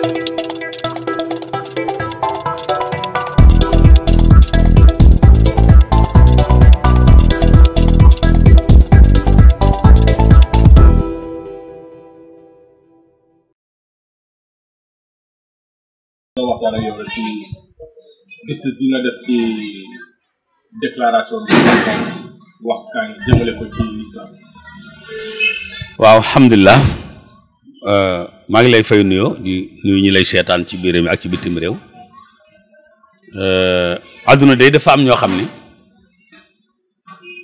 waxtaan ak yow rek ci gis bi nga def ci déclaration bi wax kaa ngi jëmale ko ci islam waaw alhamdulilah euh, maa ngi lay fay nuyoo di nuyu lay seetaan ci biir mi ak ci bitim réew euh, àdduna day dafa am ñoo xam ni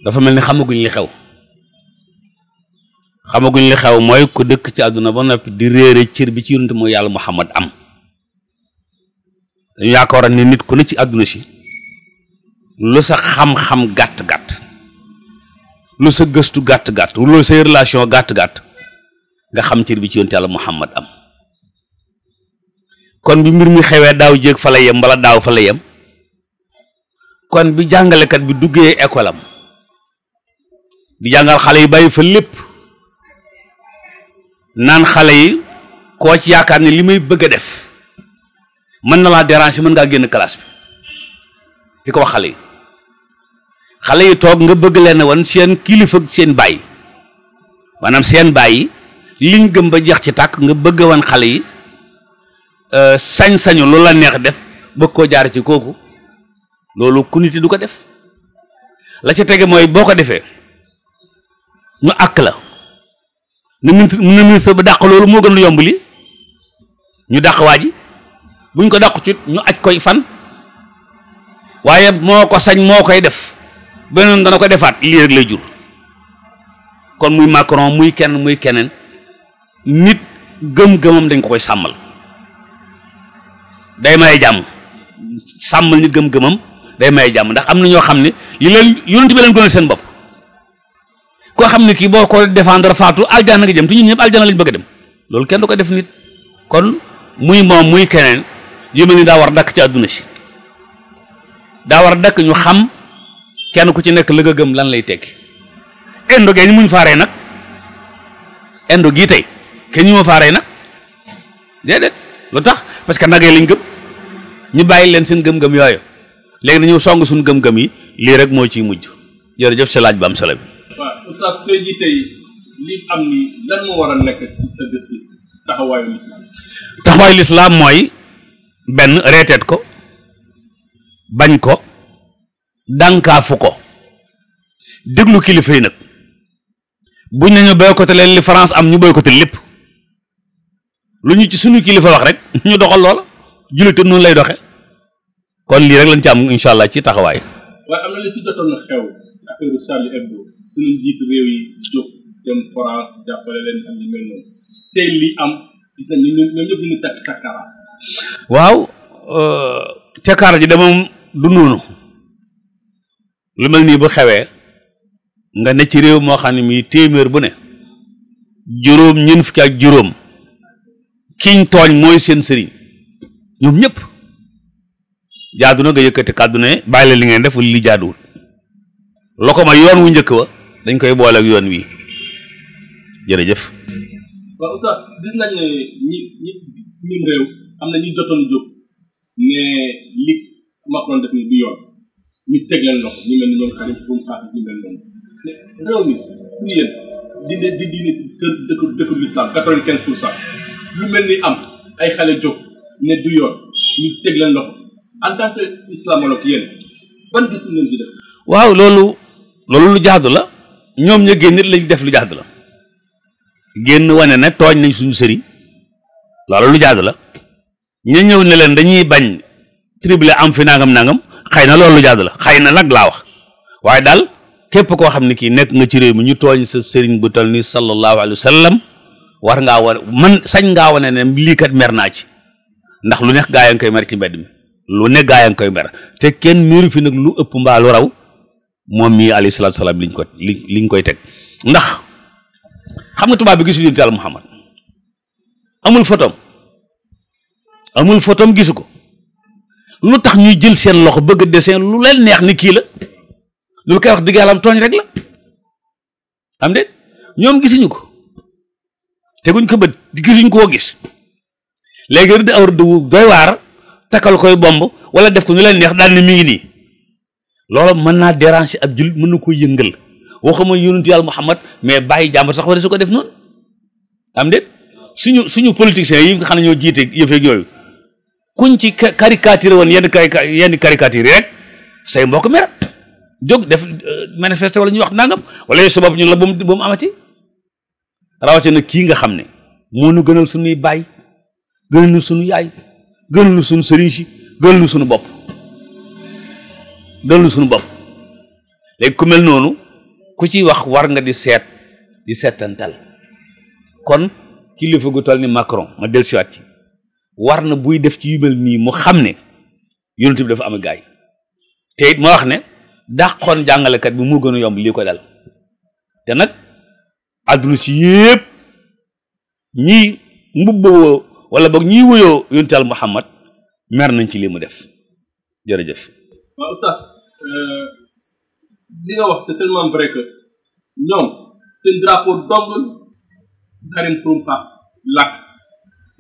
dafa mel ni xamaguñ li xew xamaguñ li xew mooy ku dëkk ci àdduna ba noppi di réere cër bi ci yonent mooy yàlla Muhammad am dañu yaakaaroon ni nit ku ne ci àdduna si lu sa xam-xam gàtt-gàtt lu sa gëstu gàtt gàt lu sa relation gàtt-gàtt nga xam cër bi ci yonent yàlla Muhammad am kon bi mbir mi xewee daaw jéeg fa la yem wala daaw fa la yem kon bi jàngalekat bi duggee école am di jàngal xale yi bàyyi fa lépp naan xale yi koo ci yaakaar ni li may bëgg a def mën na laa déranger mën ngaa génn classe bi di ko xale yi xale yi toog nga bëgg leen wan seen kilifa seen bàyyi maanaam seen bàyyi liñ gëm ba jeex ci tàkk nga bëgg wan xale yi euh, sañ-sañu loolu la neex def bëgg koo jaare ci kooku loolu ku nit du ko def la ci tege mooy boo ko defee ñu àkk la na ministre ba dàq loolu moo gën lu yomb li ñu dàq waa ji buñ ko dàqu ci ñu aj koy fan waaye moo ko sañ moo koy def beneen dana ko defaat lii rek lay jur kon muy Macron muy kenn muy keneen nit gëm-gëmam dañ ko koy sàmmal day may jàmm sàmmal nit gëm-gëmam day may jàmm ndax am na ñoo xam ne yu leen yonent bi leen gënal seen bopp koo xam ne kii boo ko défendre faatu aljana nga jëm te ñun ñëpp aljana lañ bëgg dem loolu kenn du ko def nit kon muy moom muy keneen yu mel ni daa war dakk ci àdduna si daa war dakk ñu xam kenn ku ci nekk la nga gëm lan lay tekki indo gee ñu muñ faaree nag indo gii tey kenn ñu ma faaree nag déedéet lu tax parce que nagee lañ gëm ñu bàyyi leen seen gëm-gëm yooyu léegi dañu song suñu gëm-gëm yi lii rek moo ciy mujj jërëjëf sa laaj bu am solo bi. taxawaayu lislaam. mooy benn reeteet ko bañ ko dànkaafu ko déglu kilifa yi nag buñ nañu boycotté leen li France am ñu boycotté lépp. lu ñu ci suñu kilifa wax rek ñu doxal loola jullite noonu lay doxe kon lii rek lañ ci am incha allah ci taxawaay. waaw euh, cakaara ji de moom du noonu lu mel nii bu xewee nga ne ci réew moo xam ne mii téeméer bu ne juróom ñeent fukki ak juróom. kiñ tooñ mooy seen sëriñ ñoom ñëpp jaadu na nga yëkkati kàdduna ne bàyyi li ngeen def li jaaduwul lo ma yoon wu njëkk wa dañ koy boole ak yoon wi jërëjëf. waaw oustaz gis nañ ne ñi ñi ñun réew am na ñi jotoon jóg ne li Macron def ni du yoon ñu teg leen loxo ñu mel ni ñoom xarit bu mu xaar ñu mel noonu réew mi pour yéen lu mel ni am ay xale jóg ne du yoon ñu teg leen loxo en tant que islamologue yéen gis loolu loolu lu jaadu la ñoom ña génn def lu jaadu la génn wane ne tooñ nañ suñu sëriñ loolu lu jaadu la ña ñëw ne leen dañuy bañ tribulé am fi nangam nangam xëy na loolu lu jaadu la xay na nag laa wax waaye daal képp koo xam ne kii nekk nga ci réew mi ñu tooñ sa sëriñ bu tal ni sallallahu alayhi wa sallam war ngaa wane man sañ ngaa wane ne lii kat mer naa ci ndax lu nekk gaa yaa ngi koy mer ci mbedd mi lu ne gaa yaa ngi koy mer te kenn meru fi nag lu ëpp mbaa raw moom mii alayhi salaatu salaam liñ ko li liñ koy teg ndax xam nga tubaab bi gisul yonent Yàlla Muhammad amul fotom amul fotom gisu ko lu tax ñuy jël seen loxo bëgg a lu leen neex ni kii la lu koy wax dëgg yàlla am tooñ rek la am de ñoom gisuñu ko teguñ ko bët gisuñ koo gis léegi rëdd aw rëdd wu doy waar takkal koy bomb wala def ko ñu leen neex daal ne mi ngi nii loolu mën naa déranger ab jul mën na ko yëngal waxuma yonentu yàlla Muhammad mais bàyyi jàmbur sax war su ko def noonu am de suñu suñu politiciens yi nga xam ne ñoo jiite yëfeeg yooyu kuñ ci caricature woon yenn yenn caricature yi rek say mbokk mer jóg def euh, manifester wala ñuy wax nangam wala sa bopp ñu la bu mu amati rawatina kii nga xam ne moo nu gënal suñuy baay gënal nu suñu yaay gënal nu suñu sëriñ gënal nu suñu bopp gënal nu suñu bopp léegi ku mel noonu ku ci wax war nga di seet di seetantal kon kilifa gu toll ni Macron ma del siwaat yi war na buy def ci yu nii mu xam ne yonent bi dafa am gaay te it ma wax ne dàqoon jàngalekat bi mu gën a yomb lii ko dal te nag àdduna si yëpp ñii mbubboo wala boog ñii wuyoo yontaal Muhammad mer nañ ci li mu def jërëjëf. Euh, li nga wax c'est tellement vrai que ñoom seen drapeau dong Karim Xrum-Xax làkk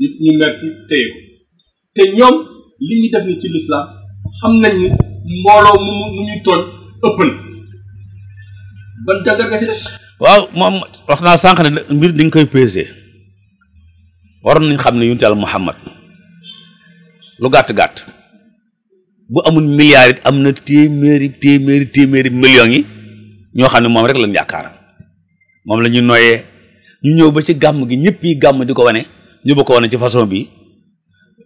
nit ñu mer ci téye te ñoom li ñu def ni ci lislaam xam nañ ni mbooloo mu mu mu ñu tooñ ëpp na ban dagg nga ci def. waaw moom wax naa sànq ne mbir dañ koy pesé waroon nañ xam ne yonent Yàlla Muhammad lu gàtt-gàtt bu amul milliard am na téeméeri téeméeri téeméeri millions yi ñoo xam ne moom rek lañ yaakaar moom lañuy ñu nooyee ñu ñëw ba ci gàmm gi ñëpp yi gàmm di ko wane ñu ba ko wane ci façon bi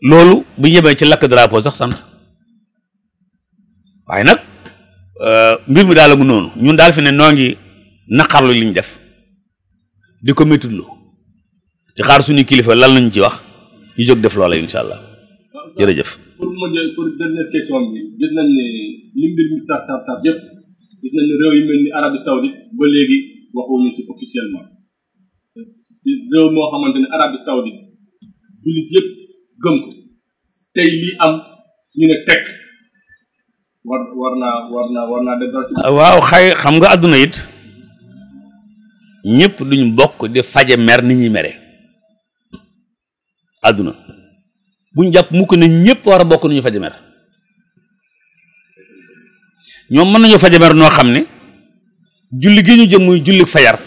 loolu bu ñu ci lakk drapeau sax sant waaye nag euh, mbir mi daal mu noonu ñun daal fi ne noo ngi naqarlu liñ def di ko méttitlu di xaar suñu kilifa lan lañ ci wax ñu jóg def loola incha allah jërëjëf. pour ma jël pour dernière question bi gis nañ ne li mi tar tar yëpp gis nañ réew yi mel ni Arabie Saoudite ba léegi waxuñu ci officiellement réew moo xamante ne Arabie Saoudite jullit yëpp gëm ko tey lii am ñu ne tekk war war naa war naa waaw xay xam nga àdduna it. ñëpp duñ bokk di faje mer ni ñuy mere àdduna buñ jàpp mukk ne ñëpp war a bokk nu ñu faje mer ñoom mën nañoo faje mer noo xam ne julli gi ñu jëm muy julli fajar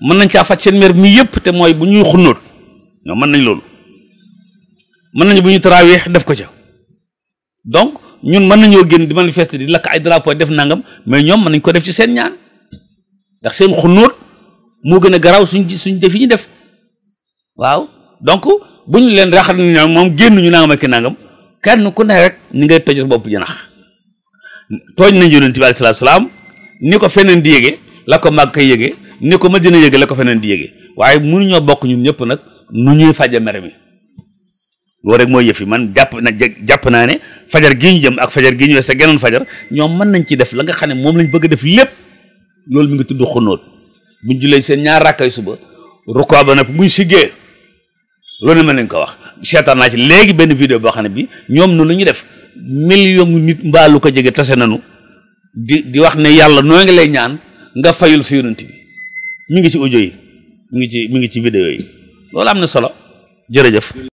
mën nañ caa faj seen mer mii yëpp te mooy bu ñuy xunóot ñoom mën nañ loolu mën nañu bu ñu taraawee def ko ca donc ñun mën nañoo génn di manifester di lakk ay drapeau def nangam mais ñoom mën nañ ko def ci seen ñaan ndax seen xunóot moo gën a garaaw suñ suñ def yi def waaw donc bu ñu leen raxal ñu moom génn ñu nangam ak nangam kenn ku ne rek ni ngay tojee bopp janax tooñ nañ yonent bi alayhi salaam ni ko feneen di yëge la ko mag koy yëge ni ko ma Madina yëge la ko feneen di yëge waaye mënuñoo bokk ñun ñëpp nag nu ñuy faje mer mi loolu rek mooy yëf yi man jàpp na jàpp naa ne fajar gi ñu jëm ak fajar gi ñu wees sa geneen fajar ñoom mën nañ ci def la nga xam ne moom lañ bëgg def lépp loolu mu ngi tudd xunóot buñ julee seen ñaar rakkay suba rukkoo ba nag muy siggee loolu mën nañ ko wax seetaan naa ci léegi benn vidéo boo xam ne bi ñoom noonu lu ñuy def million nit mbaa lu ko jege tase nañu di di wax ne yàlla noo ngi lay ñaan nga fayul sa yonent bi mi ngi ci audio yi mu ngi ci mu ngi ci vidéo yi loolu am na solo jërëjëf